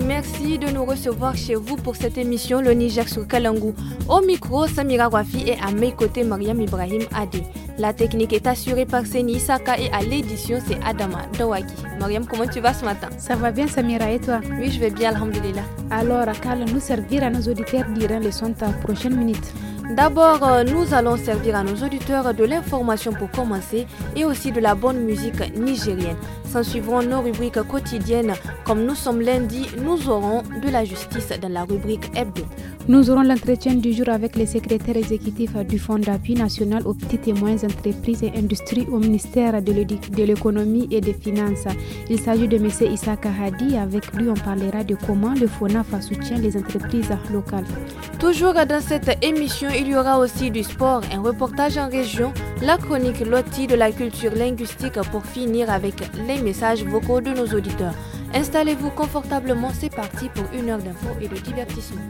merci de nous recevoir chez vous pour cette émission Le Niger sur Kalangou. Au micro, Samira Wafi et à mes côtés, Mariam Ibrahim Adé. La technique est assurée par Seni Isaka et à l'édition, c'est Adama Dawaki. Mariam, comment tu vas ce matin Ça va bien, Samira, et toi Oui, je vais bien, Alhamdulillah. Alors, qu'allons-nous servir à nos auditeurs durant les ta prochaine minute D'abord, euh, nous allons servir à nos auditeurs de l'information pour commencer et aussi de la bonne musique nigérienne. Sans suivre nos rubriques quotidiennes. Comme nous sommes lundi, nous aurons de la justice dans la rubrique hebdo. Nous aurons l'entretien du jour avec les secrétaires exécutifs du Fonds d'appui national aux petites et moyennes entreprises et industries au ministère de l'économie et des finances. Il s'agit de M. Issa Kahadi. Avec lui, on parlera de comment le FONAF soutient les entreprises locales. Toujours dans cette émission, il y aura aussi du sport, un reportage en région, la chronique Loti de la culture linguistique pour finir avec les messages vocaux de nos auditeurs. Installez-vous confortablement, c'est parti pour une heure d'infos et de divertissement.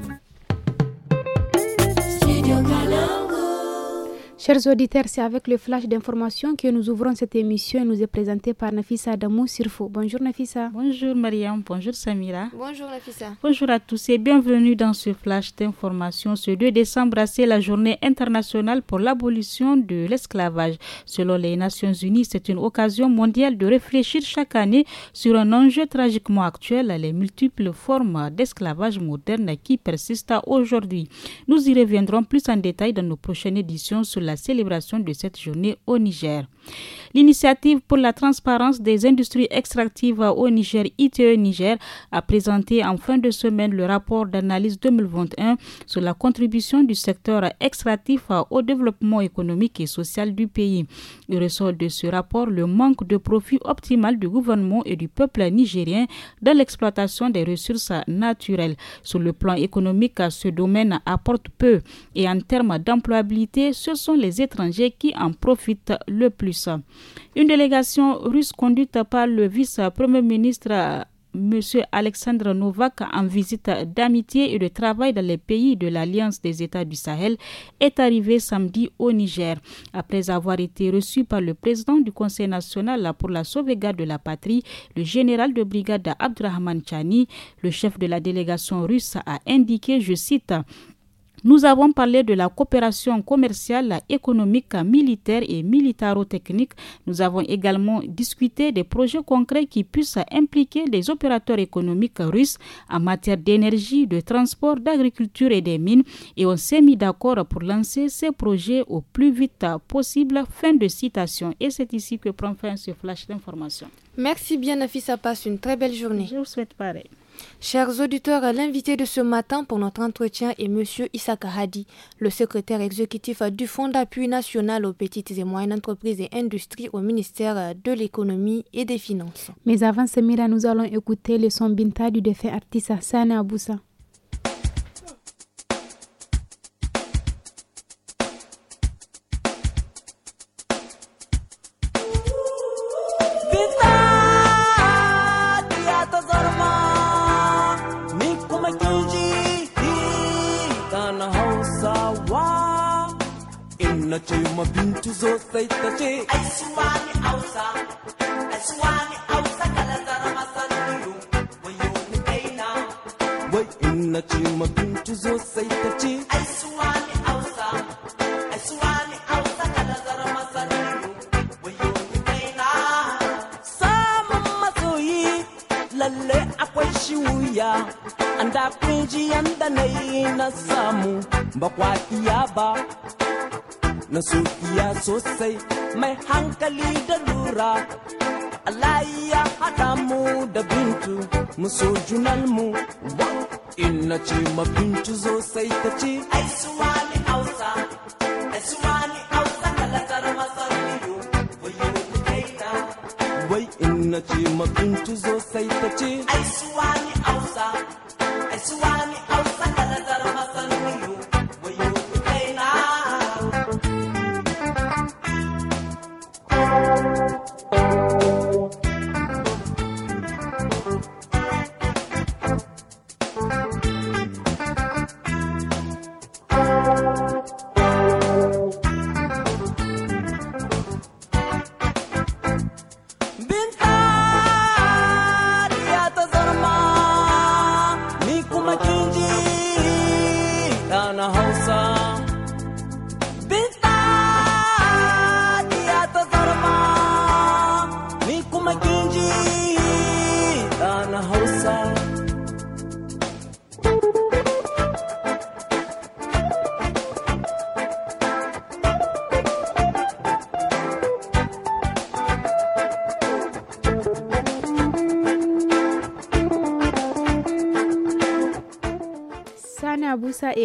Chers auditeurs, c'est avec le flash d'information que nous ouvrons cette émission et nous est présentée par Nafissa Adamou Sirfo. Bonjour Nafissa. Bonjour Mariam, bonjour Samira. Bonjour Nafissa. Bonjour à tous et bienvenue dans ce flash d'information. Ce 2 décembre, c'est la journée internationale pour l'abolition de l'esclavage. Selon les Nations Unies, c'est une occasion mondiale de réfléchir chaque année sur un enjeu tragiquement actuel, les multiples formes d'esclavage moderne qui persistent aujourd'hui. Nous y reviendrons plus en détail dans nos prochaines éditions sur la célébration de cette journée au Niger. L'initiative pour la transparence des industries extractives au Niger, ITE Niger, a présenté en fin de semaine le rapport d'analyse 2021 sur la contribution du secteur extractif au développement économique et social du pays. Il ressort de ce rapport le manque de profit optimal du gouvernement et du peuple nigérien dans l'exploitation des ressources naturelles. Sur le plan économique, ce domaine apporte peu et en termes d'employabilité, ce sont les étrangers qui en profitent le plus. Une délégation russe conduite par le vice-premier ministre M. Alexandre Novak en visite d'amitié et de travail dans les pays de l'Alliance des États du Sahel est arrivée samedi au Niger. Après avoir été reçu par le président du Conseil national pour la sauvegarde de la patrie, le général de brigade Abdrahman Chani, le chef de la délégation russe a indiqué, je cite, nous avons parlé de la coopération commerciale, économique, militaire et militaro-technique. Nous avons également discuté des projets concrets qui puissent impliquer les opérateurs économiques russes en matière d'énergie, de transport, d'agriculture et des mines. Et on s'est mis d'accord pour lancer ces projets au plus vite possible. Fin de citation. Et c'est ici que prend fin ce flash d'information. Merci bien, Nafisa. Passe une très belle journée. Je vous souhaite pareil. Chers auditeurs, l'invité de ce matin pour notre entretien est M. Issa Hadi, le secrétaire exécutif du Fonds d'appui national aux petites et moyennes entreprises et industries au ministère de l'économie et des finances. Mais avant ce Semira, nous allons écouter le son Binta du défait artiste Hassan Aboussa. tuzo sai ta ce ai suwa hallelujah.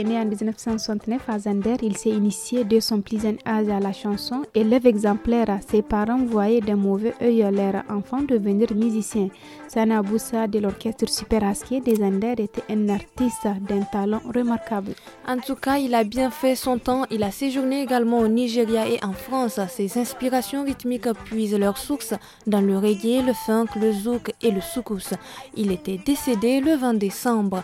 né en 1969 à Zander. Il s'est initié dès son plus jeune âge à la chanson. Élève exemplaire, ses parents voyaient d'un mauvais œil leur enfant devenir musicien. Sana Boussa de l'orchestre Super Asquier de Zander était un artiste d'un talent remarquable. En tout cas, il a bien fait son temps. Il a séjourné également au Nigeria et en France. Ses inspirations rythmiques puisent leur source dans le reggae, le funk, le zouk et le soukous. Il était décédé le 20 décembre.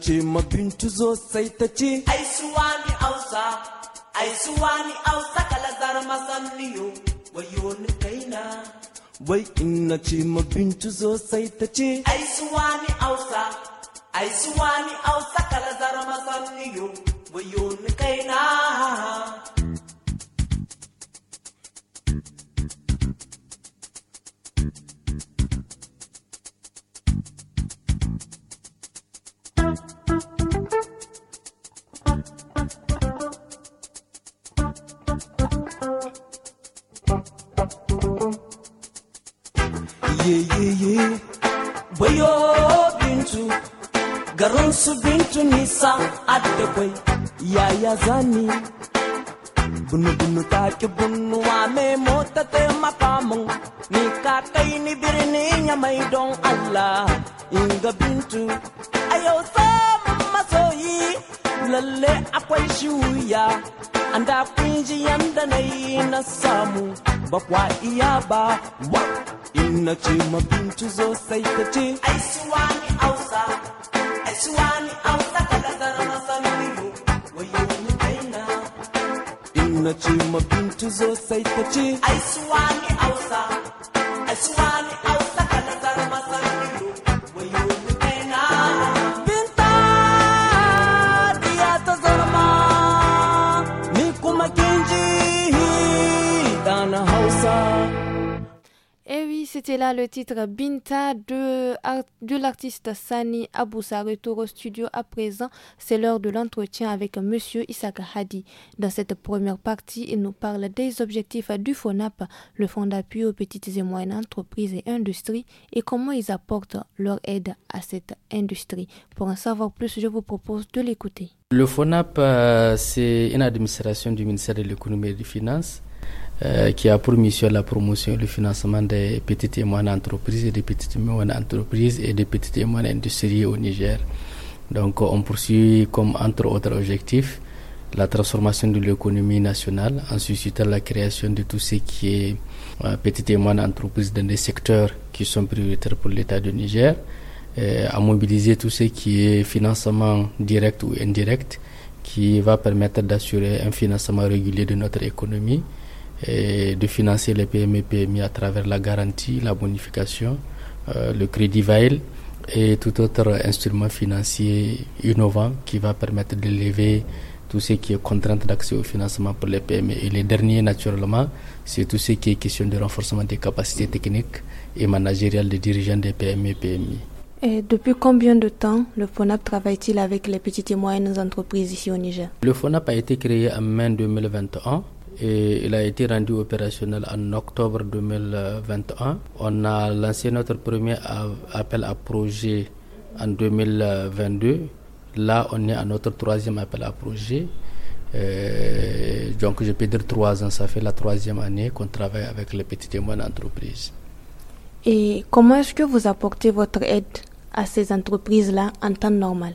ce ma bintu zo sai ta ce ai suwa ni ausa ai suwa ni ausa kalazar masamniyo wayo ni kaina wai in na ce ma bintu zo sai ta ce ai suwa ni ausa ai suwa ni ausa kalazar masamniyo wayo ni kaina sa adda ya ya zani bunu bunu ta bunu wa me mota te makamun ni ka kai ni birni ya mai don Allah inga bintu ayo sam masoyi lalle akwai shuya anda kunji yanda nayi na samu bakwa iya ba wa in na ma mabintu zo sai ka ce titre Binta de, de l'artiste Sani Aboussa retour au studio à présent. C'est l'heure de l'entretien avec Monsieur Isaac Hadi. Dans cette première partie, il nous parle des objectifs du FONAP, le Fonds d'appui aux petites et moyennes entreprises et industries, et comment ils apportent leur aide à cette industrie. Pour en savoir plus, je vous propose de l'écouter. Le FONAP, euh, c'est une administration du ministère de l'économie et des finances euh, qui a pour mission la promotion et le financement des petites et moyennes entreprises et des petites et moyennes entreprises et des petites et moyennes industries au Niger. Donc euh, on poursuit comme entre autres objectifs la transformation de l'économie nationale en suscitant la création de tout ce qui est euh, petites et moyennes entreprises dans des secteurs qui sont prioritaires pour l'État du Niger, à mobiliser tout ce qui est financement direct ou indirect qui va permettre d'assurer un financement régulier de notre économie et de financer les PME PMI à travers la garantie, la bonification, euh, le crédit VAEL et tout autre instrument financier innovant qui va permettre de lever tout ce qui est contrainte d'accès au financement pour les PME. Et les derniers, naturellement, c'est tout ce qui est question de renforcement des capacités techniques et managériales des dirigeants des PME et PMI. Et depuis combien de temps le FONAP travaille-t-il avec les petites et moyennes entreprises ici au Niger Le FONAP a été créé en mai 2021 et il a été rendu opérationnel en octobre 2021. On a lancé notre premier appel à projet en 2022. Là, on est à notre troisième appel à projet. Euh, donc, je peux dire trois ans, ça fait la troisième année qu'on travaille avec les petites et moyennes entreprises. Et comment est-ce que vous apportez votre aide à ces entreprises-là en temps normal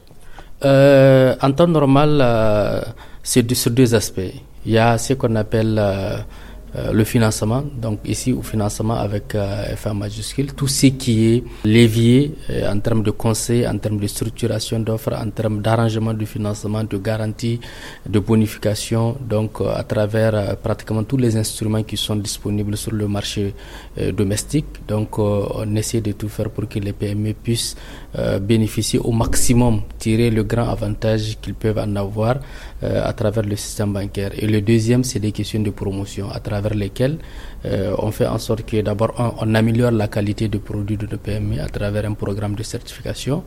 euh, En temps normal, euh, c'est sur deux aspects. Il y a ce qu'on appelle euh, euh, le financement, donc ici au financement avec euh, f FA majuscule, tout ce qui est levier euh, en termes de conseil, en termes de structuration d'offres, en termes d'arrangement du financement, de garantie, de bonification, donc à travers pratiquement tous les instruments qui sont disponibles sur le marché domestique. Donc on essaie de tout faire pour que les PME puissent bénéficier au maximum, tirer le grand avantage qu'ils peuvent en avoir à travers le système bancaire. Et le deuxième, c'est des questions de promotion à travers lesquels euh, on fait en sorte que d'abord on, améliore la qualité du produits de nos PME à travers un programme de certification.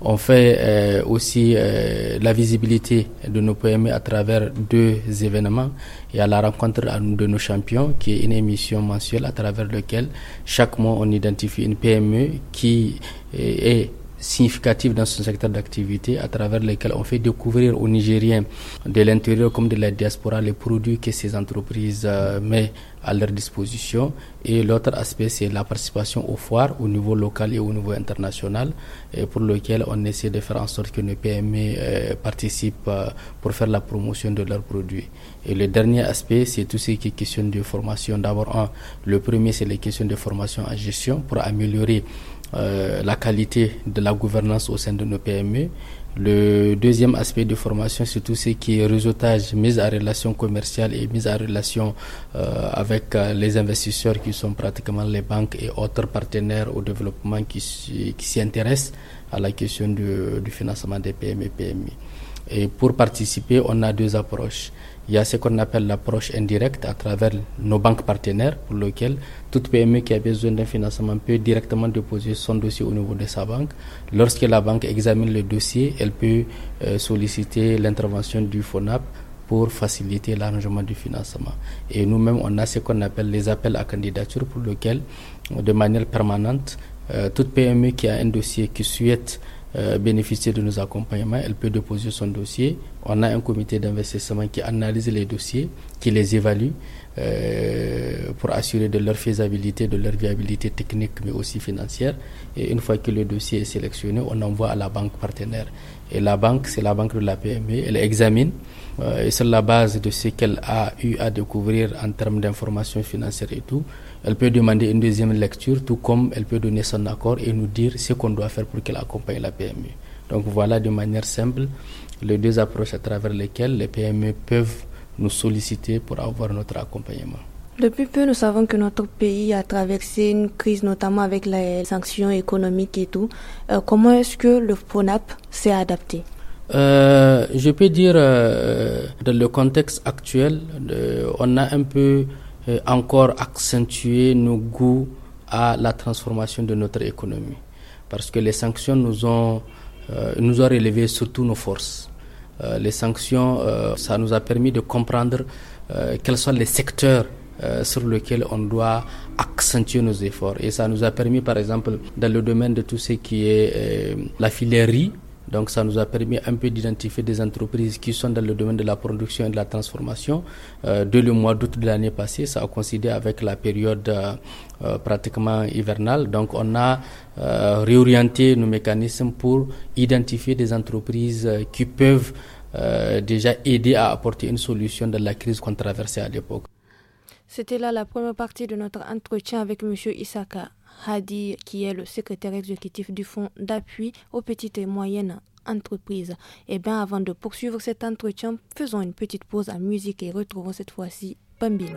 On fait euh, aussi euh, la visibilité de nos PME à travers deux événements. Il y a la rencontre de nos champions, qui est une émission mensuelle à travers laquelle chaque mois on identifie une PME qui est significative dans ce secteur d'activité à travers lequel on fait découvrir aux Nigériens de l'intérieur comme de la diaspora les produits que ces entreprises euh, mettent à leur disposition. Et l'autre aspect, c'est la participation aux foires au niveau local et au niveau international, et pour lequel on essaie de faire en sorte que nos PME euh, participent euh, pour faire la promotion de leurs produits. Et le dernier aspect, c'est tout ce qui est question de formation. D'abord, le premier, c'est les questions de formation en gestion pour améliorer euh, la qualité de la gouvernance au sein de nos PME. Le deuxième aspect de formation, c'est tout ce qui est réseautage, mise en relation commerciale et mise en relation euh, avec euh, les investisseurs qui sont pratiquement les banques et autres partenaires au développement qui, s'y intéressent à la question du, du financement des PME PMI. Et pour participer, on a deux approches. Il y a ce qu'on appelle l'approche indirecte à travers nos banques partenaires pour lesquelles toute PME qui a besoin d'un financement peut directement déposer son dossier au niveau de sa banque. Lorsque la banque examine le dossier, elle peut euh, solliciter l'intervention du FONAP pour faciliter l'arrangement du financement. Et nous-mêmes, on a ce qu'on appelle les appels à candidature pour lesquels, de manière permanente, euh, toute PME qui a un dossier qui souhaite euh, bénéficier de nos accompagnements, elle peut déposer son dossier. On a un comité d'investissement qui analyse les dossiers, qui les évalue euh, pour assurer de leur faisabilité, de leur viabilité technique mais aussi financière. Et une fois que le dossier est sélectionné, on envoie à la banque partenaire. Et la banque, c'est la banque de la PME, elle examine euh, et sur la base de ce qu'elle a eu à découvrir en termes d'informations financières et tout, elle peut demander une deuxième lecture, tout comme elle peut donner son accord et nous dire ce qu'on doit faire pour qu'elle accompagne la PME. Donc voilà de manière simple les deux approches à travers lesquelles les PME peuvent nous solliciter pour avoir notre accompagnement. Depuis peu, nous savons que notre pays a traversé une crise, notamment avec les sanctions économiques et tout. Euh, comment est-ce que le PONAP s'est adapté euh, Je peux dire, euh, dans le contexte actuel, on a un peu euh, encore accentuer nos goûts à la transformation de notre économie. Parce que les sanctions nous ont, euh, nous ont relevé surtout nos forces. Euh, les sanctions, ça nous a permis de comprendre quels sont les secteurs sur lesquels on doit accentuer nos efforts. Et ça nous a permis, par exemple, dans le domaine de tout ce qui est la filerie, donc ça nous a permis un peu d'identifier des entreprises qui sont dans le domaine de la production et de la transformation. Euh, dès le mois d'août de l'année passée, ça a coïncidé avec la période euh, euh, pratiquement hivernale. Donc on a réorienté nos mécanismes pour identifier des entreprises qui peuvent déjà aider à apporter une solution de la crise qu'on traversait à l'époque. C'était là la première partie de notre entretien avec M. Isaka. Hadi, qui est le secrétaire exécutif du Fonds d'appui aux petites et moyennes entreprises. Et eh bien avant de poursuivre cet entretien, faisons une petite pause à musique et retrouvons cette fois-ci Bambino.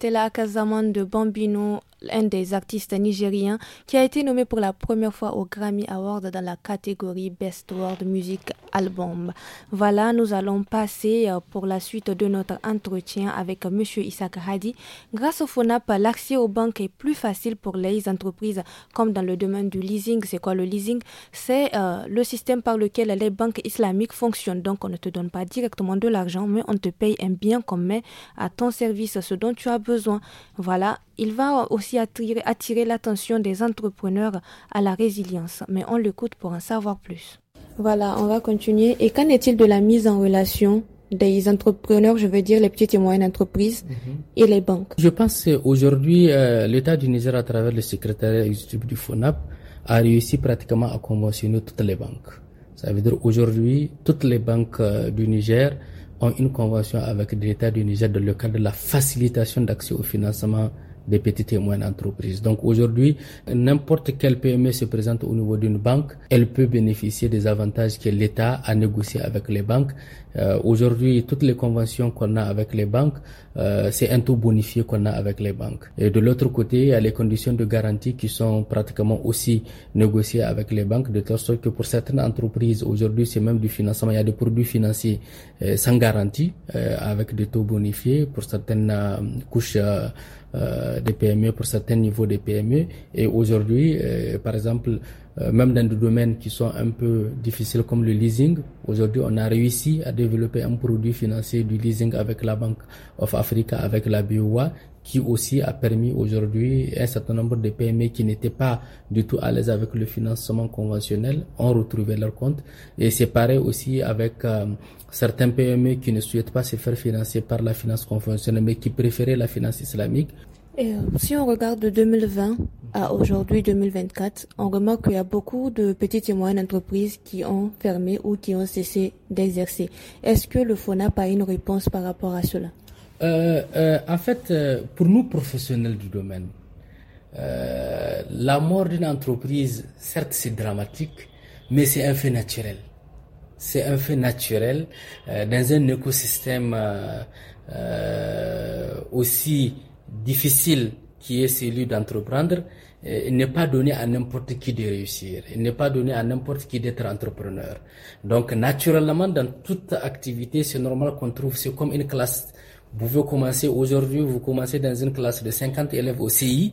C'était la de Bambino un des artistes nigériens qui a été nommé pour la première fois au Grammy Award dans la catégorie Best World Music Album. Voilà, nous allons passer euh, pour la suite de notre entretien avec M. Isaac Hadi. Grâce au FONAP, l'accès aux banques est plus facile pour les entreprises comme dans le domaine du leasing. C'est quoi le leasing C'est euh, le système par lequel les banques islamiques fonctionnent. Donc on ne te donne pas directement de l'argent, mais on te paye un bien qu'on met à ton service, ce dont tu as besoin. Voilà, il va aussi attirer, l'attention des entrepreneurs à la résilience, mais on l'écoute pour en savoir plus. Voilà, on va continuer. Et qu'en est-il de la mise en relation des entrepreneurs, je veux dire les petites et moyennes entreprises mhm. et les banques Je pense qu'aujourd'hui, euh, l'État du Niger, à travers le secrétariat exécutif du FONAP, a réussi pratiquement à conventionner toutes les banques. Ça veut dire aujourd'hui, toutes les banques euh, du Niger ont une convention avec l'État du Niger dans le cadre de la facilitation d'accès au financement des petites et moyennes entreprises. Donc aujourd'hui, n'importe quelle PME se présente au niveau d'une banque, elle peut bénéficier des avantages que l'État a négociés avec les banques euh, aujourd'hui, toutes les conventions qu'on a avec les banques, euh, c'est un taux bonifié qu'on a avec les banques. Et de l'autre côté, il y a les conditions de garantie qui sont pratiquement aussi négociées avec les banques, de telle sorte que pour certaines entreprises, aujourd'hui, c'est même du financement. Il y a des produits financiers euh, sans garantie, avec des taux bonifiés pour certaines couches des PME, pour certains niveaux des PME. Et aujourd'hui, par exemple, euh, même dans des domaines qui sont un peu difficiles comme le leasing. Aujourd'hui, on a réussi à développer un produit financier du leasing avec la Banque of Africa, avec la BOA, qui aussi a permis aujourd'hui un certain nombre de PME qui n'étaient pas du tout à l'aise avec le financement conventionnel ont retrouvé leur compte. Et c'est pareil aussi avec euh, certains PME qui ne souhaitent pas se faire financer par la finance conventionnelle, mais qui préféraient la finance islamique. Euh, si on regarde de 2020 à aujourd'hui 2024, on remarque qu'il y a beaucoup de petites et moyennes entreprises qui ont fermé ou qui ont cessé d'exercer. Est-ce que le FONAP a une réponse par rapport à cela euh, euh, En fait, pour nous professionnels du domaine, la mort d'une entreprise, certes c'est dramatique, mais c'est un fait naturel. C'est un fait naturel dans un écosystème aussi difficile qui est celui d'entreprendre euh, n'est pas donné à n'importe qui de réussir, il n'est pas donné à n'importe qui d'être entrepreneur. Donc naturellement, dans toute activité, c'est normal qu'on trouve, c'est comme une classe. Vous pouvez commencer aujourd'hui, vous commencez dans une classe de 50 élèves au CI,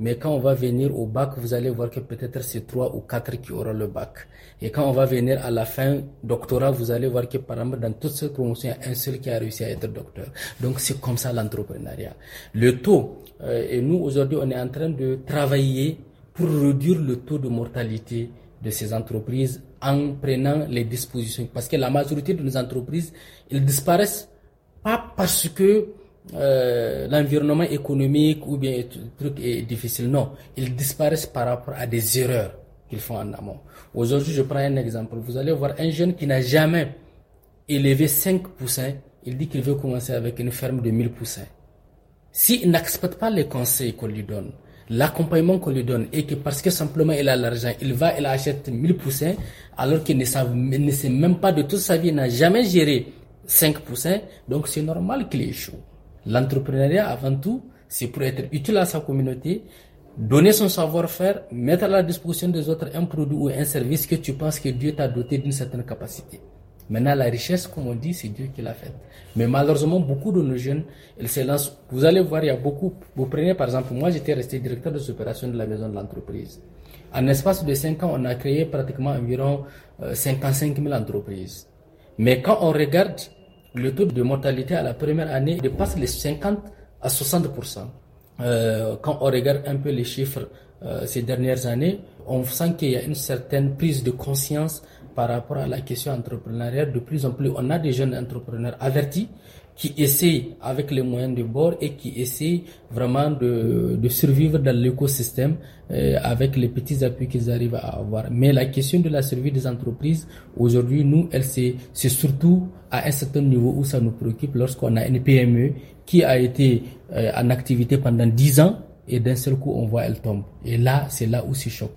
mais quand on va venir au bac, vous allez voir que peut-être c'est trois ou quatre qui auront le bac. Et quand on va venir à la fin doctorat, vous allez voir que par exemple dans toutes ces promotions, il y a un seul qui a réussi à être docteur. Donc c'est comme ça l'entrepreneuriat. Le taux, euh, et nous aujourd'hui, on est en train de travailler pour réduire le taux de mortalité de ces entreprises en prenant les dispositions. Parce que la majorité de nos entreprises, elles disparaissent pas parce que euh, l'environnement économique ou bien le truc est difficile. Non, ils disparaissent par rapport à des erreurs qu'ils font en amont. Aujourd'hui, je prends un exemple. Vous allez voir un jeune qui n'a jamais élevé 5 poussins, il dit qu'il veut commencer avec une ferme de 1000 poussins. S'il n'accepte pas les conseils qu'on lui donne, l'accompagnement qu'on lui donne, et que parce que simplement il a l'argent, il va, il achète 1000 poussins, alors qu'il ne, ne sait même pas de toute sa vie, il n'a jamais géré 5 poussins, donc c'est normal qu'il échoue. L'entrepreneuriat, avant tout, c'est pour être utile à sa communauté, donner son savoir-faire, mettre à la disposition des autres un produit ou un service que tu penses que Dieu t'a doté d'une certaine capacité. Maintenant, la richesse, comme on dit, c'est Dieu qui l'a faite. Mais malheureusement, beaucoup de nos jeunes, ils se lancent. Vous allez voir, il y a beaucoup. Vous prenez par exemple, moi j'étais resté directeur des opérations de la maison de l'entreprise. En l'espace de 5 ans, on a créé pratiquement environ 55 euh, 000 entreprises. Mais quand on regarde le taux de mortalité à la première année dépasse les 50 à 60%. Euh, quand on regarde un peu les chiffres euh, ces dernières années, on sent qu'il y a une certaine prise de conscience par rapport à la question entrepreneuriale. De plus en plus, on a des jeunes entrepreneurs avertis qui essayent avec les moyens de bord et qui essayent vraiment de, de survivre dans l'écosystème euh, avec les petits appuis qu'ils arrivent à avoir. Mais la question de la survie des entreprises, aujourd'hui, nous, elle c'est surtout à un certain niveau où ça nous préoccupe lorsqu'on a une PME qui a été euh, en activité pendant dix ans et d'un seul coup, on voit elle tombe. Et là, c'est là où c'est choc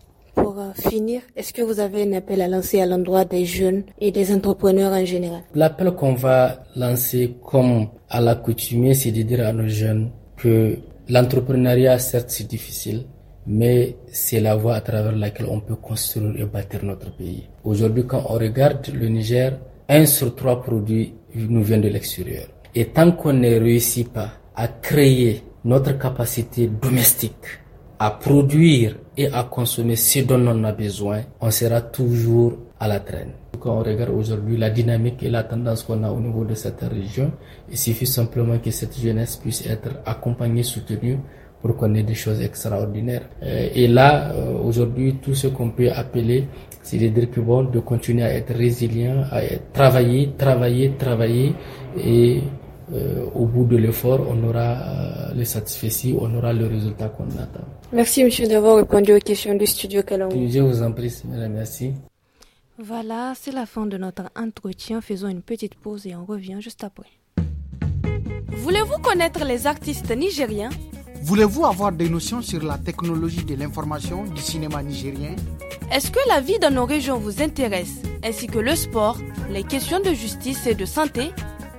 finir, est-ce que vous avez un appel à lancer à l'endroit des jeunes et des entrepreneurs en général L'appel qu'on va lancer comme à l'accoutumée, c'est de dire à nos jeunes que l'entrepreneuriat, certes, c'est difficile, mais c'est la voie à travers laquelle on peut construire et bâtir notre pays. Aujourd'hui, quand on regarde le Niger, un sur trois produits nous vient de l'extérieur. Et tant qu'on ne réussit pas à créer notre capacité domestique, à produire et à consommer ce dont on a besoin, on sera toujours à la traîne. Quand on regarde aujourd'hui la dynamique et la tendance qu'on a au niveau de cette région, il suffit simplement que cette jeunesse puisse être accompagnée, soutenue pour qu'on ait des choses extraordinaires. Euh, et là, euh, aujourd'hui, tout ce qu'on peut appeler, c'est de dire bon, de continuer à être résilient, à travailler, travailler, travailler et euh, au bout de l'effort, on aura euh, les satisfaits, on aura le résultat qu'on attend. Merci, monsieur, d'avoir répondu aux questions du studio Calamou. Je vous en prie, merci. Voilà, c'est la fin de notre entretien. Faisons une petite pause et on revient juste après. Voulez-vous connaître les artistes nigériens Voulez-vous avoir des notions sur la technologie de l'information du cinéma nigérien Est-ce que la vie dans nos régions vous intéresse, ainsi que le sport, les questions de justice et de santé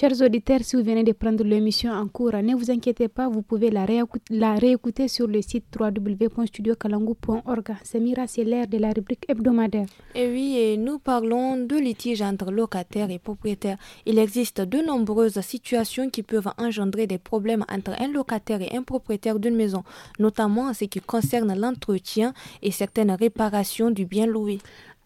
Chers auditeurs, si vous venez de prendre l'émission en cours, ne vous inquiétez pas, vous pouvez la, réécouter, sur le site www.studiokalangu.org. Samira, c'est l'heure de la rubrique hebdomadaire. Eh et oui, nous parlons de litiges entre locataires et propriétaires. Il existe de nombreuses situations qui peuvent engendrer des problèmes entre un locataire et un propriétaire d'une maison, notamment en ce qui concerne l'entretien et certaines réparations du bien loué.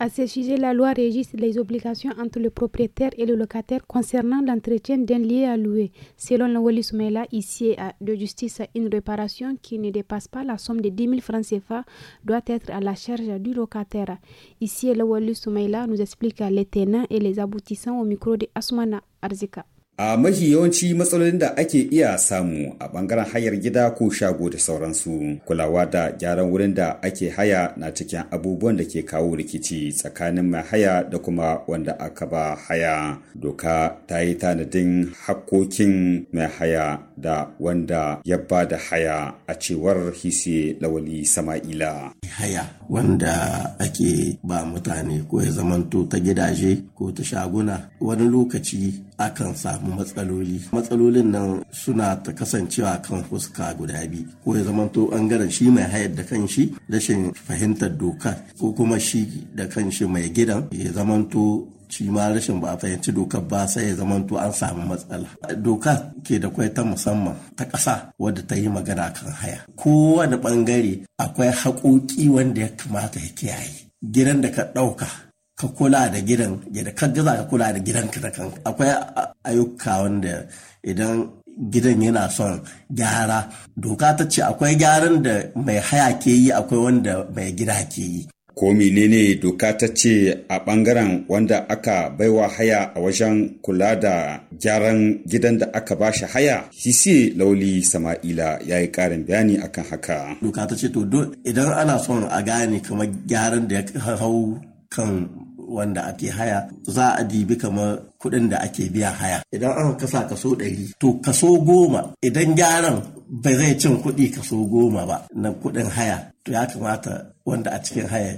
À ce sujet, la loi régisse les obligations entre le propriétaire et le locataire concernant l'entretien d'un lieu à louer. Selon la Wali Soumaïla, ici de justice, une réparation qui ne dépasse pas la somme de 10 000 francs CFA doit être à la charge du locataire. Ici, le Wali Soumaïla nous explique les tenants et les aboutissants au micro de Asmana Arzika. a mafi yawanci matsalolin da ake iya samu a bangaren hayar gida ko shago da sauransu kulawa da gyaran wurin da ake haya na cikin abubuwan da ke kawo rikici tsakanin mai haya da kuma wanda aka ba haya doka ta yi tanadin hakkokin mai haya da wanda ya ba da haya a cewar hise lawali sama'ila haya wanda ake ba mutane ko ya zamanto ta gidaje ko ta shaguna wani lokaci akan samu matsaloli matsalolin nan suna ta kasancewa kan fuska guda biyu ko ya zamanto bangaren shi mai hayar da kanshi rashin fahimtar doka ko kuma shi da kanshi mai gidan ya zamanto shi ma rashin ba a fahimci dokar ba sai ya zamanto an samu matsala. Doka ke da kwai ta musamman ta ƙasa wadda ta yi magana kan haya. Kowane ɓangare akwai haƙoƙi wanda ya kamata ya kiyaye. Gidan da ka ɗauka ka kula da gidan yadda ka gaza ka kula da gidan ka kan akwai ayyuka wanda idan gidan yana son gyara doka ta ce akwai gyaran da mai haya ke yi akwai wanda mai gida ke yi ko menene doka ta ce a bangaren wanda aka baiwa haya a wajen kula da gyaran gidan da aka ba shi haya hisi lauli sama'ila ya yi karin bayani akan haka doka ta ce to idan ana son a gane kamar gyaran da ya hau kan wanda ake haya za a dibi kamar kuɗin da ake biya haya idan an kasa kaso ɗari to kaso goma idan gyaran ba zai cin kuɗi kaso goma ba na kuɗin haya to ya kamata wanda a cikin haya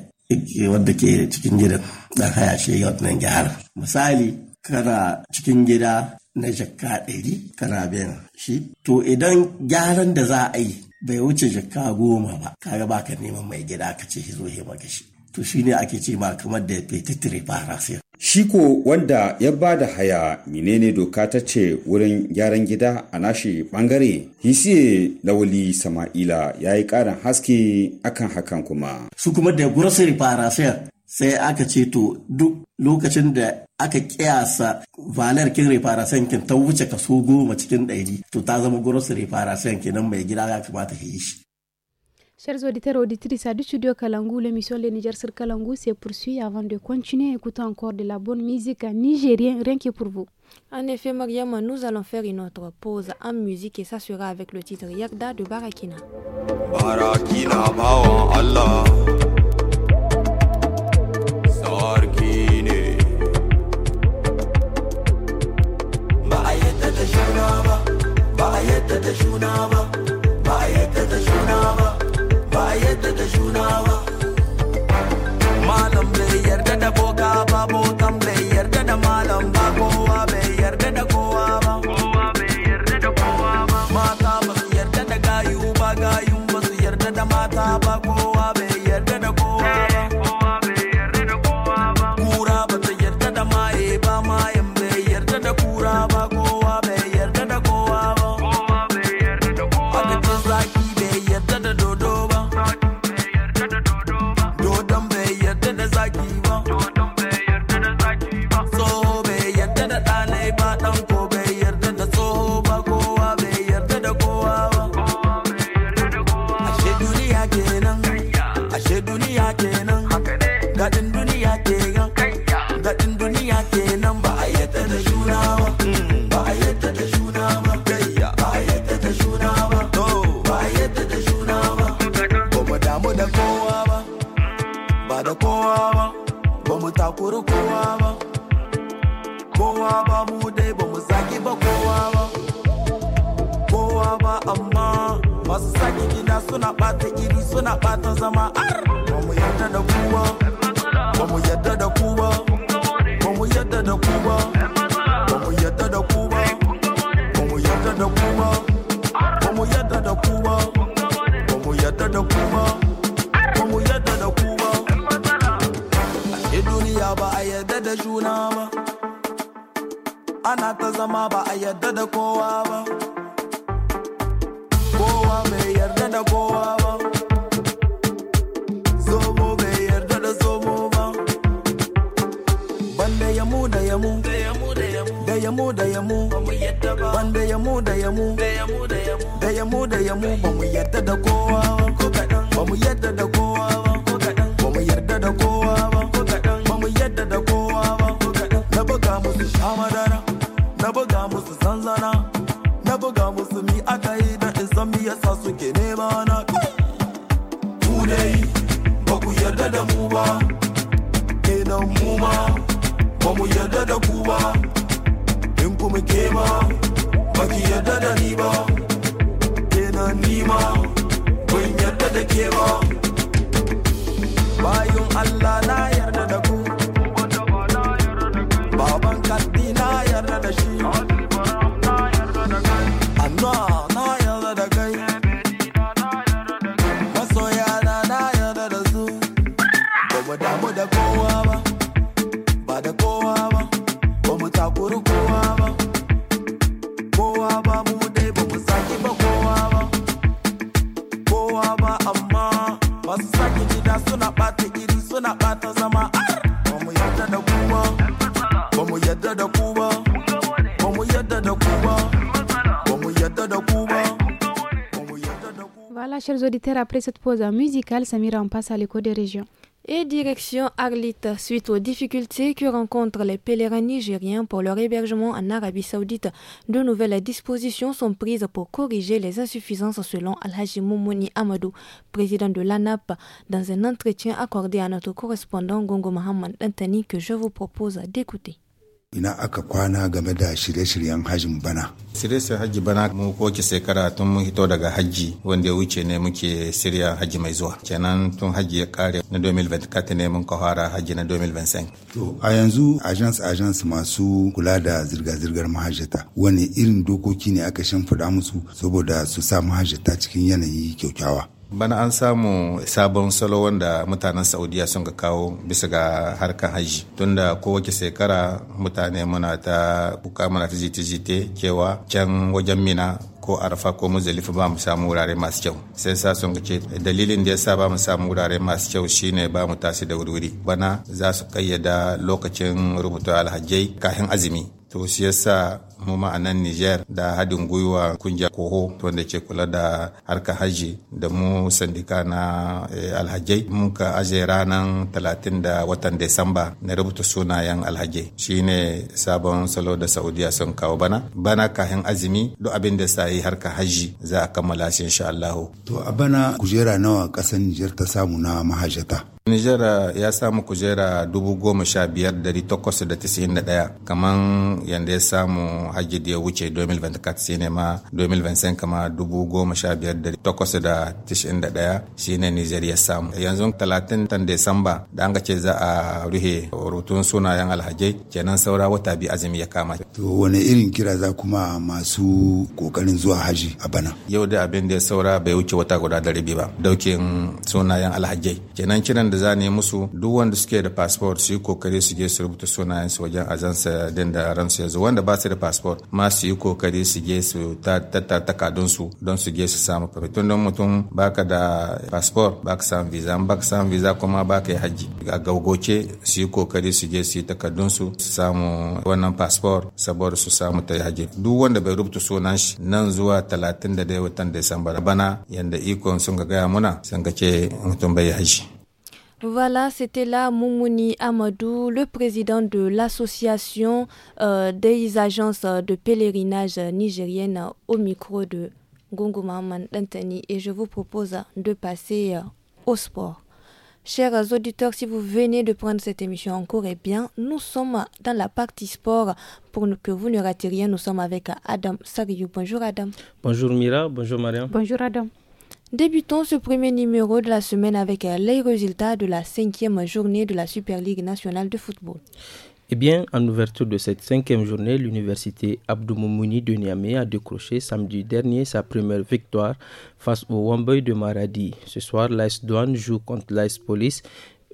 wanda ke cikin gidan dan haya shi ya wannan gyara misali kana cikin gida na jakka ɗari kana biyan shi to idan gyaran da za a yi bai wuce jakka goma ba kaga baka neman mai gida ka ce zo he maka shi to shi ne ake ce ma kamar da fetitire rasiya. Shi ko wanda ya ba da haya menene doka ta ce wurin gyaran gida a nashi bangare. Hisiye lawali Sama'ila ya yi ƙarin haske akan hakan kuma. Su kuma da gurasiri farasiya sai aka ce to duk lokacin da aka kiyasa valar kin reparasiyan kin ta wuce kaso goma cikin ɗari to ta zama gurasiri reparasiyan kenan mai gida ya kamata ka yi shi. Chers auditeurs et auditrices du studio Kalangu, l'émission Le Niger sur Kalangu se poursuit avant de continuer à écouter encore de la bonne musique nigérienne, rien que pour vous. En effet, Mariam, nous allons faire une autre pause en musique et ça sera avec le titre Yagda de Barakina. Barakina, yarda da bo kori kowa ba kowa ba mu dai ba mu zagi ba kowa ba kowa ba amma masu saki gida suna bata iri suna bata zama ar ba mu yarda da kuwa ba mu da kuwa ba mu da kuwa ba mu da kuwa ba mu da kuwa ba mu da kuwa ba mu da kuwa da juna ba ana ta zama ba a yarda da kowa ba kowa bai yarda da kowa ba zomo bai yarda da zomo ba banda yamu da yamu da yamu da yamu da yamu da yamu banda yamu da yamu da yamu da yamu da ba mu yarda da kowa ba ba mu yarda da kowa ba ba mu yarda da kowa amadara na buga musu zanzana na buga musu mi aka yi da isan mi yasa suke nema na ku dai ba ku yarda da mu ba kenan mu ma ba mu yarda da ku ba in kuma ke ma ba ki yarda da ni ba kenan ni ma ban yarda da ke ba bayan Allah na yarda da ku suna ɓata chers auditeurs, après cette pause musicale, Samira, en passe à l'écho des régions. Et direction Arlit, suite aux difficultés que rencontrent les pèlerins nigériens pour leur hébergement en Arabie Saoudite, de nouvelles dispositions sont prises pour corriger les insuffisances selon Al-Haji Amadou, président de l'ANAP, dans un entretien accordé à notre correspondant Gongo Mohamed Antani que je vous propose d'écouter. ina aka kwana game da shirye-shiryen hajjin bana. Shirye-shiryen hajji bana mu koke shekara tun mun hito daga hajji wanda ya wuce ne muke shirya hajji mai zuwa. Kenan tun hajji ya kare na 2024 ne mun kawara hajji na 2025. To a yanzu agents agents masu kula da zirga-zirgar mahajjata wani irin dokoki ne aka shimfiɗa musu saboda su sa mahajjata cikin yanayi kyaukyawa. bana an samu sabon salo wanda mutanen saudiya sun ka kawo bisa ga harkar hajji tunda kowace shekara mutane muna ta kuka muna ta jite-jite kewa can wajen mina ko arafa ko muzalifa ba mu samu wurare masu kyau sai sa sun ce dalilin da yasa ba mu samu wurare masu kyau shine ba mu tasi da wuri bana za su kayyada lokacin rubuta alhajjai kafin azumi to shi yasa mu ma'anan Niger da haɗin gwiwa kungiyar Koho wanda ke kula da harka haji da mu sandika na eh, alhajai muka aje ranar 30 da watan Desamba na rubuta sunayen alhajjai shine sabon salo da Saudiya sun kawo bana bana kahin azumi duk abin da sai harka haji za a kammala shi insha Allah to a bana kujera nawa ƙasar Niger ta samu na mahajata Niger eh, ya samu kujera 15,891 kamar yadda ya samu hajji da ya wuce 2024 shine ma 2025 kama daya shine Nijar ya samu. Yanzu 30 Desamba da an gace za a ruhe rutun sunayen alhaji kenan saura wata bi azumi ya kama. To wani irin kira za kuma masu kokarin zuwa haji a bana? Yau da abin da saura bai wuce wata guda da rabi ba daukin sunayen alhaji. Kenan kiran da za ne musu duk wanda suke da passport su yi kokari su je su rubuta sunayen su wajen azansa din da ransu yanzu wanda ba su da fasfot passport ma su yi kokari su je su tattar takadunsu don su je su samu tun don mutum baka da passport baka samu visa baka samu visa kuma baka yi hajji a gaugoce su yi kokari su je su yi takadunsu su su samu wannan passport saboda su samu ta hajji duk wanda bai rubuta sunan shi nan zuwa talatin da dai watan Disamba bana yanda ikon sun ga gaya muna sun ga ce mutum bai hajji Voilà, c'était là Moumouni Amadou, le président de l'association euh, des agences de pèlerinage nigérienne au micro de Gongou Mahaman et je vous propose de passer euh, au sport. Chers auditeurs, si vous venez de prendre cette émission encore, et eh bien, nous sommes dans la partie sport. Pour que vous ne ratez rien, nous sommes avec Adam Sariou. Bonjour Adam. Bonjour Mira, bonjour Mariam. Bonjour Adam. Débutons ce premier numéro de la semaine avec euh, les résultats de la cinquième journée de la Super Ligue nationale de football. Eh bien, en ouverture de cette cinquième journée, l'université Abdou Moumouni de Niamey a décroché samedi dernier sa première victoire face au Wamboy de Maradi. Ce soir, l'AS Douane joue contre l'AS Police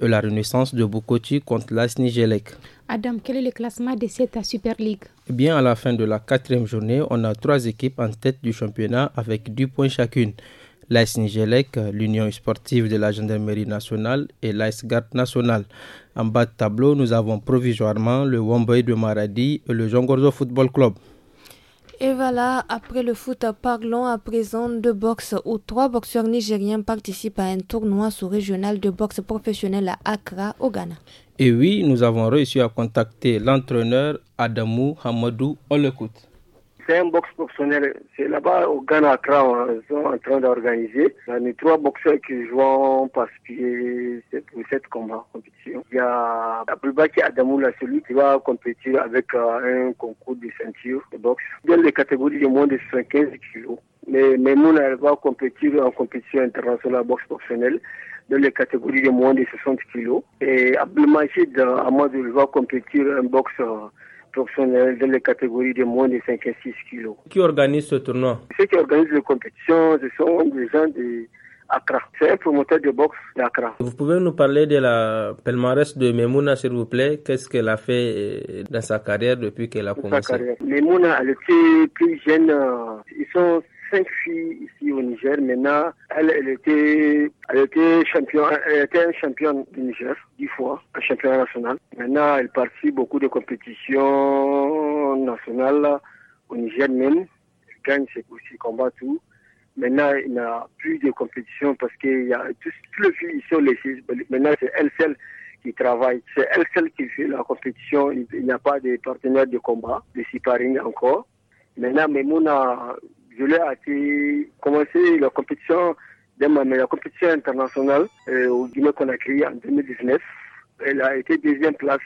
et la Renaissance de Bokoti contre l'AS Nigelec. Adam, quel est le classement de cette Super League eh bien, à la fin de la quatrième journée, on a trois équipes en tête du championnat avec deux points chacune l'AS Nigelec, l'Union sportive de la gendarmerie nationale et l'AS Garde nationale. En bas de tableau, nous avons provisoirement le Womboy de Maradi et le Jongorzo Football Club. Et voilà, après le foot, parlons à présent de boxe où trois boxeurs nigériens participent à un tournoi sous-régional de boxe professionnelle à Accra, au Ghana. Et oui, nous avons réussi à contacter l'entraîneur Adamou Hamadou. On c'est un boxe professionnel. C'est là-bas au Ghana, Accra, hein, ils sont en train d'organiser. Il y a trois boxeurs qui jouent parce que c'est pour cette combat, compétition. Il y a Aboubaki Adamoula, celui qui va compétir avec euh, un concours de ceinture de boxe dans les catégories de moins de 75 kilos. Mais nous, elle va compétir en compétition internationale boxe professionnelle dans les catégories de moins de 60 kilos. Et Abdelmachid euh, de il va compétir un boxe euh, professionnels dans les catégories de moins de 5 à 6 kilos. Qui organise ce tournoi Ceux qui organisent les compétitions, ce sont des gens de C'est un promoteur de boxe d'Accra. Vous pouvez nous parler de la palmarès de Memouna, s'il vous plaît Qu'est-ce qu'elle a fait euh, dans sa carrière depuis qu'elle a commencé Memouna, elle était plus jeune. Euh, ils sont cinq filles ici au Niger. Maintenant, elle, elle était, elle était championne, elle était du Niger, dix fois, un championnat national. Maintenant, elle participe beaucoup de compétitions nationales au Niger même. Elle gagne ses aussi combats, tout. Maintenant, il n'y a plus de compétition parce qu'il y a tous les filles ici au Niger. Maintenant, c'est elle seule qui travaille. C'est elle seule qui fait la compétition. Il n'y a pas de partenaire de combat, de sparring encore. Maintenant, Memouna, a été commencé la compétition la compétition internationale euh, au guinée créé en 2019. Elle a été deuxième place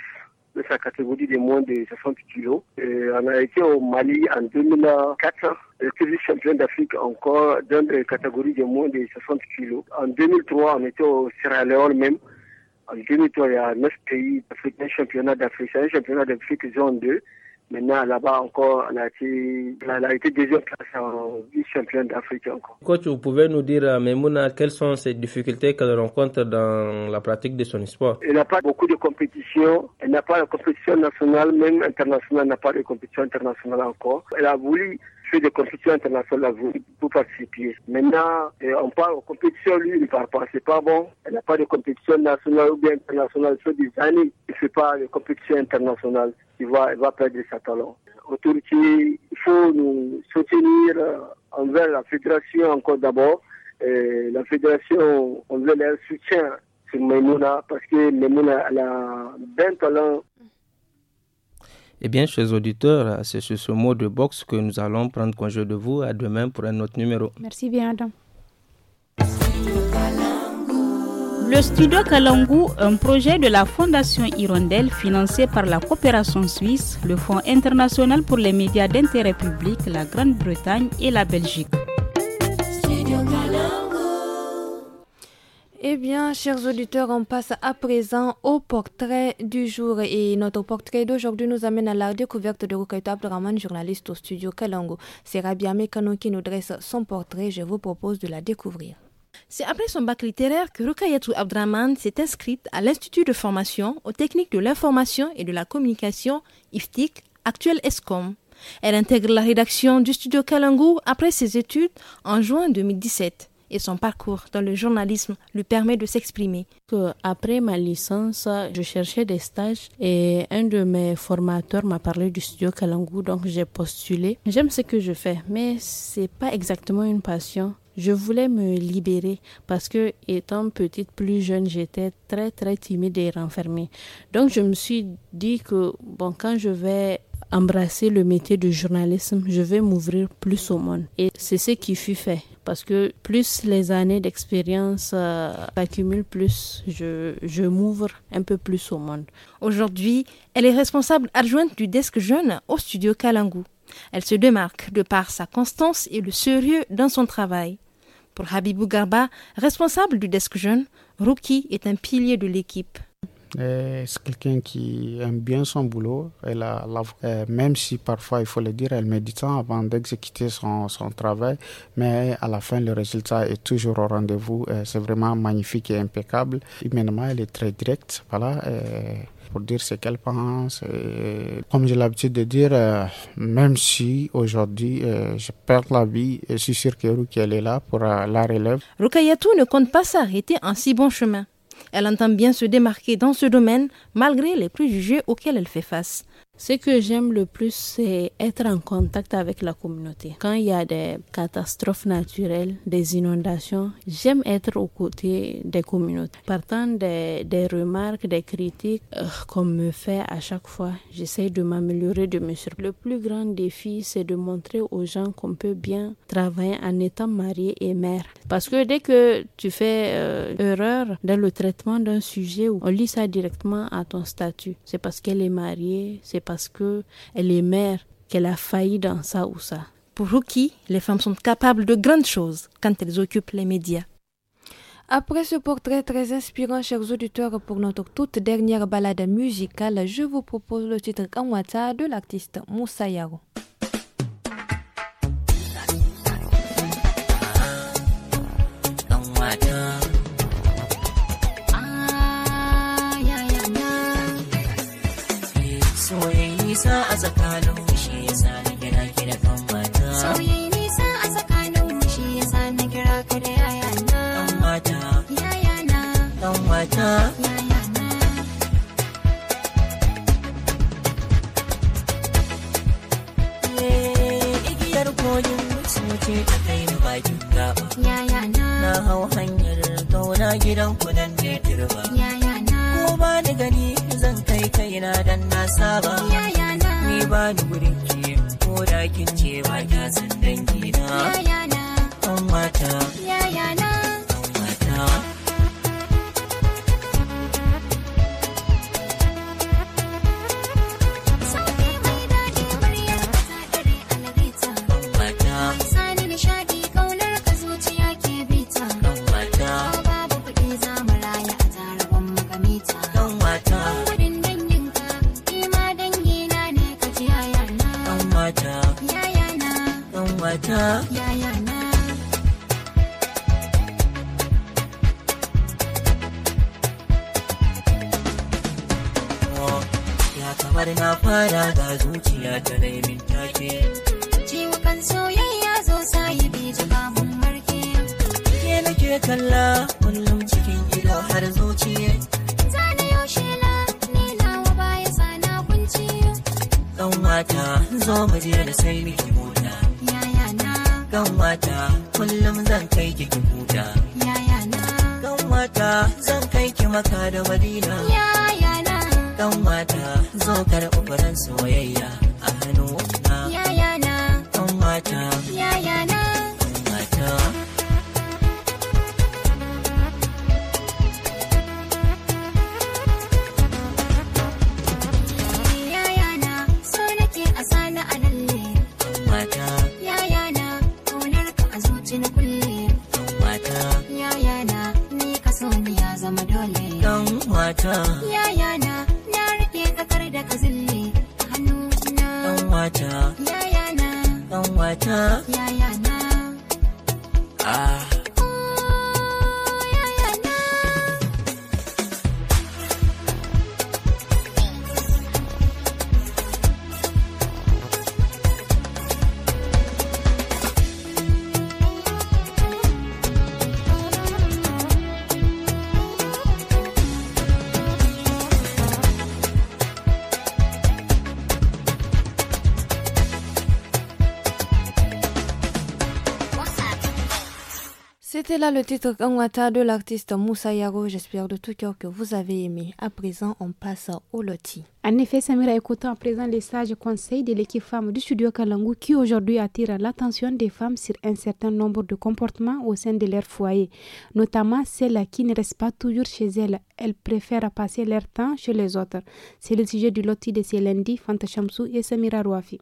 de sa catégorie de moins de 60 kilos. Euh, on a été au Mali en 2004, plus euh, champion d'Afrique encore dans la catégorie de moins de 60 kilos. En 2003, on était au Sierra Leone même. En 2003, il y a 9 pays d'Afrique, un championnat d'Afrique, un championnat d'Afrique zone 2. Maintenant, là-bas encore, elle a été, été deuxième place en vice-champion d'Afrique encore. Coach, vous pouvez nous dire, euh, Memouna, quelles sont ces difficultés qu'elle rencontre dans la pratique de son sport Elle n'a pas beaucoup de compétitions. Elle n'a pas de compétition nationale, même internationale, elle n'a pas de compétition internationale encore. Elle a voulu de des compétitions internationales pour participer. Maintenant, euh, on parle aux compétitions, lui, il ne parle pas, c'est pas bon. Elle n'a pas de compétition nationale ou bien internationale, sur des années. Il fait pas de compétition internationale. Il va, va perdre sa talent. En Turquie, il faut nous soutenir euh, envers la fédération encore d'abord. La fédération, on veut leur soutien sur Memouna parce que Memouna, elle a 20 talent. Eh bien, chers auditeurs, c'est sur ce mot de boxe que nous allons prendre congé de vous. À demain pour un autre numéro. Merci bien, Adam. Le studio Kalangu, un projet de la Fondation Hirondelle financé par la coopération suisse, le Fonds international pour les médias d'intérêt public, la Grande-Bretagne et la Belgique. Eh bien, chers auditeurs, on passe à présent au portrait du jour. Et notre portrait d'aujourd'hui nous amène à la découverte de Rukaito Abdraman, journaliste au studio Kalango. C'est Rabia Mekano qui nous dresse son portrait. Je vous propose de la découvrir. C'est après son bac littéraire que Rukayatou Abdraman s'est inscrite à l'Institut de formation aux techniques de l'information et de la communication IFTIC, actuel ESCOM. Elle intègre la rédaction du studio Kalangu après ses études en juin 2017 et son parcours dans le journalisme lui permet de s'exprimer. Après ma licence, je cherchais des stages et un de mes formateurs m'a parlé du studio Kalangu, donc j'ai postulé. J'aime ce que je fais, mais c'est pas exactement une passion. Je voulais me libérer parce que, étant petite, plus jeune, j'étais très, très timide et renfermée. Donc, je me suis dit que, bon, quand je vais embrasser le métier du journalisme, je vais m'ouvrir plus au monde. Et c'est ce qui fut fait parce que plus les années d'expérience euh, s'accumulent, plus je, m'ouvre un peu plus au monde. Aujourd'hui, elle est responsable adjointe du desk jeune au studio Kalangu. Elle se démarque de par sa constance et le sérieux dans son travail. Pour Habibou Garba, responsable du desk jeune, Rookie est un pilier de l'équipe. Euh, c'est quelqu'un qui aime bien son boulot. Elle euh, même si parfois, il faut le dire, elle médite avant d'exécuter son, travail, mais à la fin, le résultat est toujours au rendez-vous. Euh, c'est vraiment magnifique et impeccable. Humainement, elle est très directe. Voilà. pour dire ce qu'elle pense. comme j'ai l'habitude de dire, même si aujourd'hui je perds la vie, je suis sûr qu'elle est là pour la relève. Rukayatou ne compte pas s'arrêter en si bon chemin. Elle entend bien se démarquer dans ce domaine malgré les préjugés auxquels elle fait face. Ce que j'aime le plus, c'est être en contact avec la communauté. Quand il y a des catastrophes naturelles, des inondations, j'aime être aux côtés des communautés. Partant des, remarques, des critiques euh, qu'on me fait à chaque fois, j'essaie de m'améliorer, de me Le plus grand défi, c'est de montrer aux gens qu'on peut bien travailler en étant marié et mère. Parce que dès que tu fais euh, erreur dans le traitement d'un sujet, on lit ça directement à ton statut. C'est parce qu'elle est mariée, c'est parce que elle est mère qu'elle a failli dans ça ou ça. Pour Ruki, les femmes sont capables de grandes choses quand elles occupent les médias. Après ce portrait très inspirant, chers auditeurs, pour notre toute dernière balade musicale, je vous propose le titre Kamwata » de l'artiste Moussa tsakanin mu shi sa na kira ki da kan mata sauyi nisa a tsakanin mu shi sa na kira ka da yaya na kan mata yaya na kan mata yaya na eh, igiyar koyin mutu ce ta yaya na na hau hanyar gauna gidan kudan ne turba yaya na ko ba ni gani zan kai kaina dan na saba bani wurin ke ko da kin ce ba san dangi na yaya na mata yaya na ta kamar na fara ga zuciya ta raimin take kan soyayya zo sayi bai jaba mun marke ke nake kalla kullum cikin ido har zuciya zane yaushe na ni nawa baya sana kunci Ɗan mata zo mu je da sai mu kamata mata kullum zan kai ki ki huta yaya na mata zan kai ki maka da madina yaya na mata zo kar ubran soyayya a hannu na yaya na mata yaya na mata wata yaya na na rike kakar da ka zille hannu na dan wata yaya na dan wata yaya na C'est là le titre Kangwata de l'artiste Moussa Yaro. J'espère de tout cœur que vous avez aimé. À présent, on passe au loti. En effet, Samira, écoutons à présent les sages conseils de l'équipe femme du studio Kalangu qui aujourd'hui attire l'attention des femmes sur un certain nombre de comportements au sein de leur foyer, notamment celles qui ne restent pas toujours chez elles. Elles préfèrent passer leur temps chez les autres. C'est le sujet du loti de ce lundi, Fanta Shamsou et Samira Rouafi.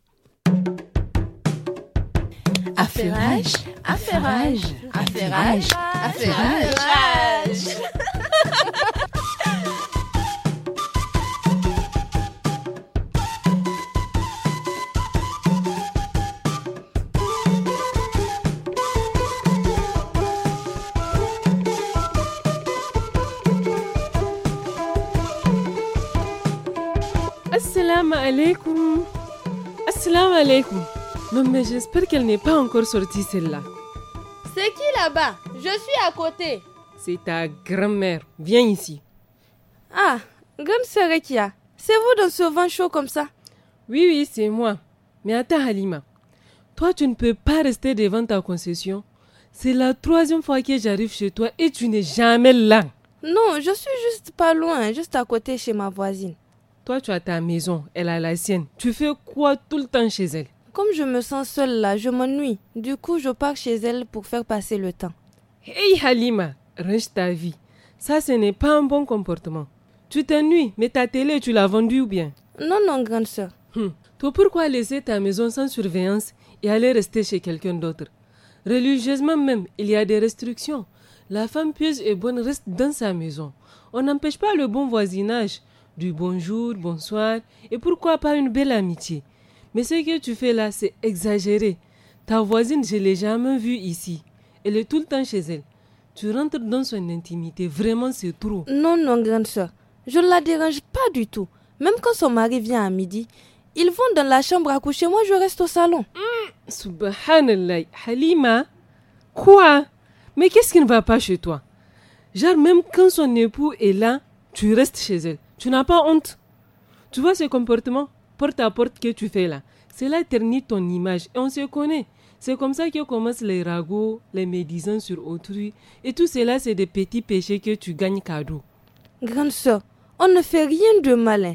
Affairage, affairage, affairage, affairage. Assalamu alaikum. Assalamu alaikum. Non mais j'espère qu'elle n'est pas encore sortie celle-là. C'est qui là-bas Je suis à côté. C'est ta grand-mère. Viens ici. Ah, grand-sœur Ekia, c'est vous dans ce vent chaud comme ça Oui, oui, c'est moi. Mais attends Halima, toi tu ne peux pas rester devant ta concession. C'est la troisième fois que j'arrive chez toi et tu n'es jamais là. Non, je suis juste pas loin, juste à côté chez ma voisine. Toi tu as ta maison, elle a la sienne. Tu fais quoi tout le temps chez elle comme je me sens seule là, je m'ennuie. Du coup, je pars chez elle pour faire passer le temps. Hey Halima, range ta vie. Ça, ce n'est pas un bon comportement. Tu t'ennuies, mais ta télé, tu l'as vendue ou bien Non, non, grande sœur. Hum. Toi, pourquoi laisser ta maison sans surveillance et aller rester chez quelqu'un d'autre Religieusement même, il y a des restrictions. La femme pieuse et bonne reste dans sa maison. On n'empêche pas le bon voisinage, du bonjour, bonsoir, et pourquoi pas une belle amitié. Mais ce que tu fais là, c'est exagéré. Ta voisine, je l'ai jamais vue ici. Elle est tout le temps chez elle. Tu rentres dans son intimité. Vraiment, c'est trop. Non, non, grande soeur. Je ne la dérange pas du tout. Même quand son mari vient à midi, ils vont dans la chambre à coucher. Moi, je reste au salon. Hmm, subhanallah. Halima, quoi Mais qu'est-ce qui ne va pas chez toi Genre, même quand son époux est là, tu restes chez elle. Tu n'as pas honte. Tu vois ce comportement porte à porte que tu fais là, cela ternit ton image et on se connaît. C'est comme ça que commencent les ragots, les médisants sur autrui et tout cela c'est des petits péchés que tu gagnes cadeau. Grande soeur, on ne fait rien de malin.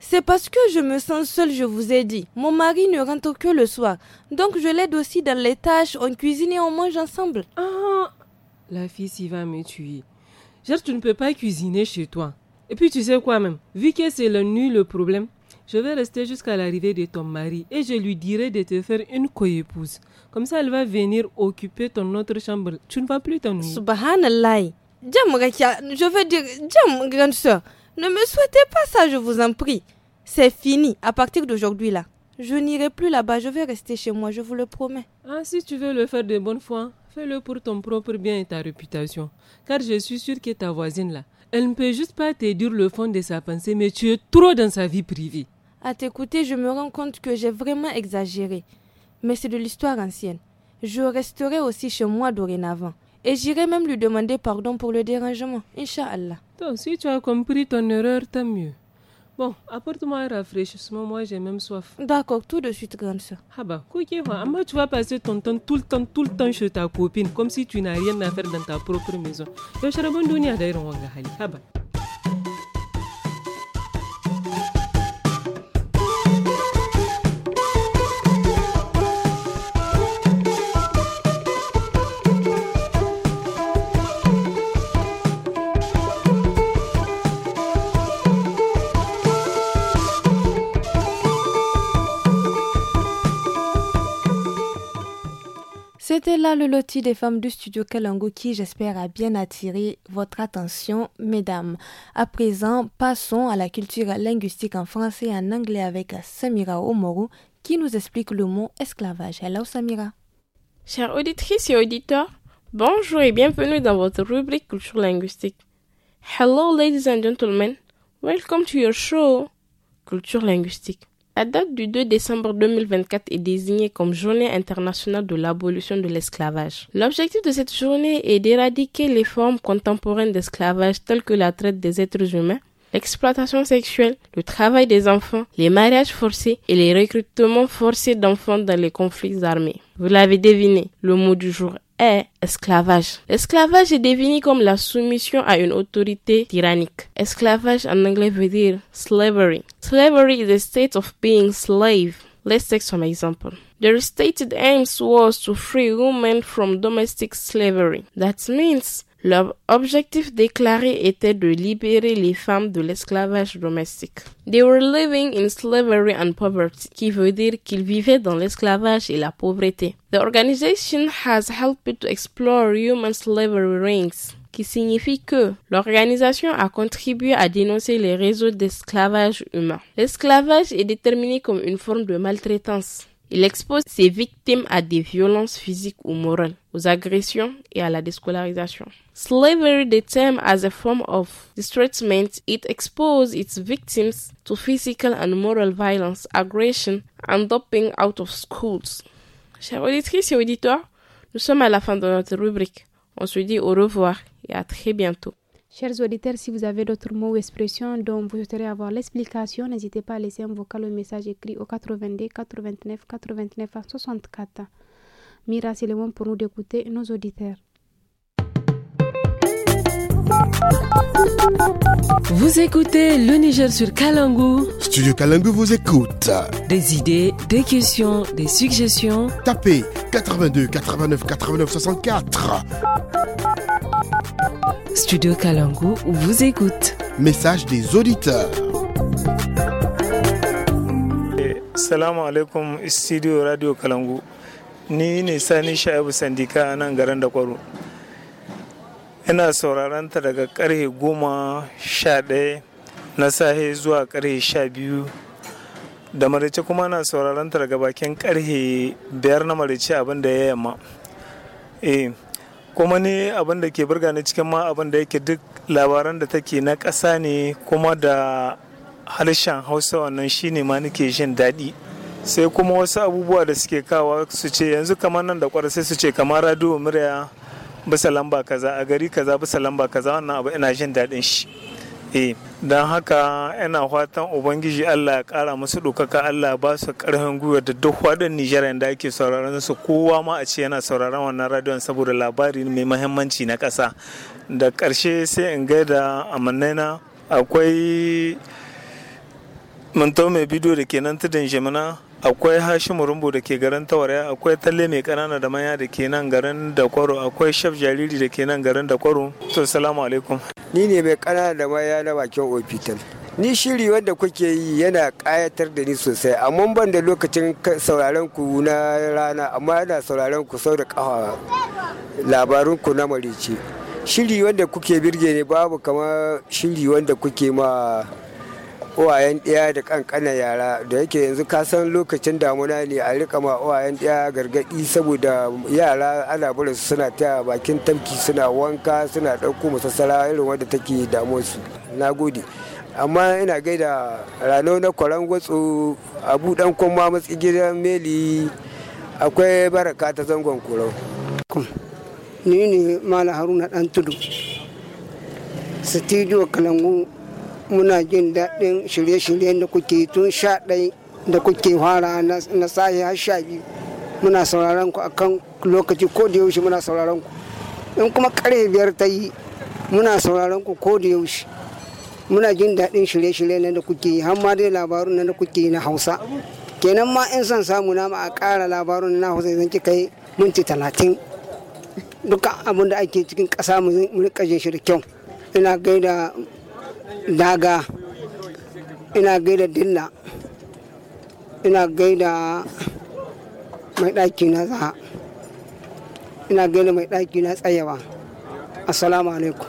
C'est parce que je me sens seule, je vous ai dit. Mon mari ne rentre que le soir. Donc je l'aide aussi dans les tâches, on cuisine et on mange ensemble. Ah La fille s'y va me tuer. Genre, tu ne peux pas cuisiner chez toi. Et puis tu sais quoi même, vu que c'est la nuit le problème, je vais rester jusqu'à l'arrivée de ton mari et je lui dirai de te faire une coépouse. Comme ça, elle va venir occuper ton autre chambre. Tu ne vas plus t'ennuyer. Subhanallah. Je veux dire, Diam, grande soeur, ne me souhaitez pas ça, je vous en prie. C'est fini, à partir d'aujourd'hui là. Je n'irai plus là-bas, je vais rester chez moi, je vous le promets. Ah, si tu veux le faire de bonne foi, fais-le pour ton propre bien et ta réputation. Car je suis sûre que ta voisine là, elle ne peut juste pas te dire le fond de sa pensée, mais tu es trop dans sa vie privée. À t'écouter, je me rends compte que j'ai vraiment exagéré. Mais c'est de l'histoire ancienne. Je resterai aussi chez moi dorénavant. Et j'irai même lui demander pardon pour le dérangement, Inch'Allah. Donc, si tu as compris ton erreur, tant mieux. Bon, apporte-moi un rafraîchissement, moi j'ai même soif. D'accord, tout de suite, grande soeur. Ah bah, tu vas passer ton temps tout le temps, tout le temps chez ta copine, comme si tu n'as rien à faire dans ta propre maison. Ah bah. C'était là le loti des femmes du studio Kalango qui, j'espère, a bien attiré votre attention, mesdames. À présent, passons à la culture linguistique en français et en anglais avec Samira Omoru qui nous explique le mot esclavage. Hello Samira. chère auditrices et auditeurs, bonjour et bienvenue dans votre rubrique culture linguistique. Hello ladies and gentlemen, welcome to your show culture linguistique. La date du 2 décembre 2024 est désignée comme Journée internationale de l'abolition de l'esclavage. L'objectif de cette journée est d'éradiquer les formes contemporaines d'esclavage telles que la traite des êtres humains, l'exploitation sexuelle, le travail des enfants, les mariages forcés et les recrutements forcés d'enfants dans les conflits armés. Vous l'avez deviné, le mot du jour est esclavage. L'esclavage est défini comme la soumission à une autorité tyrannique. Esclavage en anglais veut dire slavery. Slavery is a state of being slave. Let's take some example. The stated aims was to free women from domestic slavery. That means leur objectif déclaré était de libérer les femmes de l'esclavage domestique. They were living in slavery and poverty, qui veut dire qu'ils vivaient dans l'esclavage et la pauvreté. The organization has helped to explore human slavery rings qui signifie que l'organisation a contribué à dénoncer les réseaux d'esclavage humain. L'esclavage est déterminé comme une forme de maltraitance. Il expose ses victimes à des violences physiques ou morales, aux agressions et à la déscolarisation. Slavery, the term as a form of expose it exposes its victims to physical and moral violence, aggression and dropping out of schools. Chers auditrices et auditeurs, nous sommes à la fin de notre rubrique. On se dit au revoir et à très bientôt. Chers auditeurs, si vous avez d'autres mots ou expressions dont vous souhaiteriez avoir l'explication, n'hésitez pas à laisser un vocal ou un message écrit au 82 89 89 64. Mira, c'est le moment pour nous d'écouter nos auditeurs. Vous écoutez le Niger sur Kalangu. Studio Kalangu vous écoute. Des idées, des questions, des suggestions. Tapez 82 89 89 64. Studio Kalangu vous écoute. Message des auditeurs. Salam alaikum Studio Radio Kalangu. Ni ni Sani Shaibu nan ina sauraron ta daga karhe goma sha ɗaya na sahe zuwa karhe sha biyu da marice kuma na sauraron ta daga bakin karhe biyar na marice abin da ya yamma eh kuma ne abin ke burga ni cikin ma abin yake duk labaran da take na ƙasa ne kuma da harshen hausa wannan shine ma nake jin daɗi sai kuma wasu abubuwa da suke kawa su ce yanzu kamar nan da kwara sai su ce kamar radio murya bisa lamba kaza a gari kaza bisa lamba kaza wannan abu ina jin daɗin shi eh don haka ina fatan ubangiji allah ya kara musu ɗaukaka allah ba su ƙarfin gwiwa da duk waɗin nijar da ake sauraron su kowa ma a ce yana sauraron wannan radiyon saboda labari mai mahimmanci na ƙasa da karshe sai in gaida amannaina akwai mantau mai bidiyo da ke nan tudun jimina akwai hashimu rumbu da ke garin tawaraya akwai talle mai kanana da maya da ke nan garin da kwaro akwai shaf jariri da ke nan garin da kwaro to salamu alaikum ni ne mai kanana da maya na bakin ofital ni shiri wanda kuke yi yana kayatar da ni sosai amma ban da lokacin sauraron ku na rana amma yana sauraron ku sau da kafa labarun ku na marice shiri wanda kuke birge ne babu kamar shiri wanda kuke ma uwayen ɗaya da kankana yara da yake yanzu ka san lokacin damuna ne a rika ma uwayen ɗaya gargaɗi saboda yara ana barin su suna taya bakin tamki suna wanka suna ɗauko masassara irin wanda take damuwarsu na gode amma ina gaida rano na kwaran gwatsu a buɗan kuma matsi gidan meli akwai baraka ta zangon kurau ni ne mala haruna ɗan tudu studio kalangu muna jin daɗin shirye-shiryen da kuke tun sha ɗai da kuke fara na sahi har sha biyu muna sauraron ku akan lokaci ko da yaushe muna sauraron ku in kuma karfe biyar ta yi muna sauraron ku ko da yaushe muna jin daɗin shirye-shirye na da kuke yi har ma dai labarun na da kuke yi na hausa kenan ma in son samu na ma a ƙara labarun na hausa zan kika yi minti talatin duka abin da ake cikin ƙasa mu rika jin shi da kyau ina gaida daga ina gaida dilla ina gaida mai ɗaki na za ina gaida mai ɗaki na tsayawa assalamu alaikum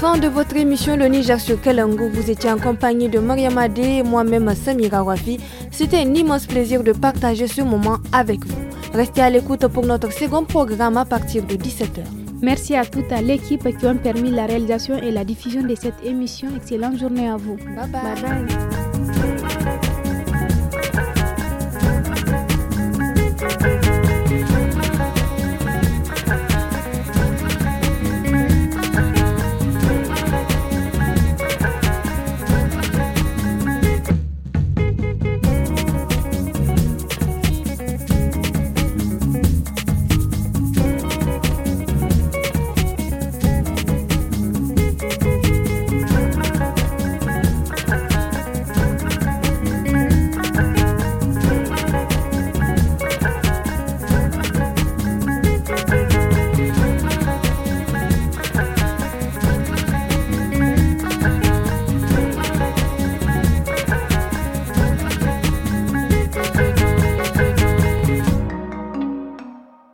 fin de votre émission Le Niger sur Kalango. Vous étiez en compagnie de Mariamade et moi-même Samira Wafi. C'était un immense plaisir de partager ce moment avec vous. Restez à l'écoute pour notre second programme à partir de 17h. Merci à toute l'équipe qui ont permis la réalisation et la diffusion de cette émission. Excellente journée à vous. bye, bye.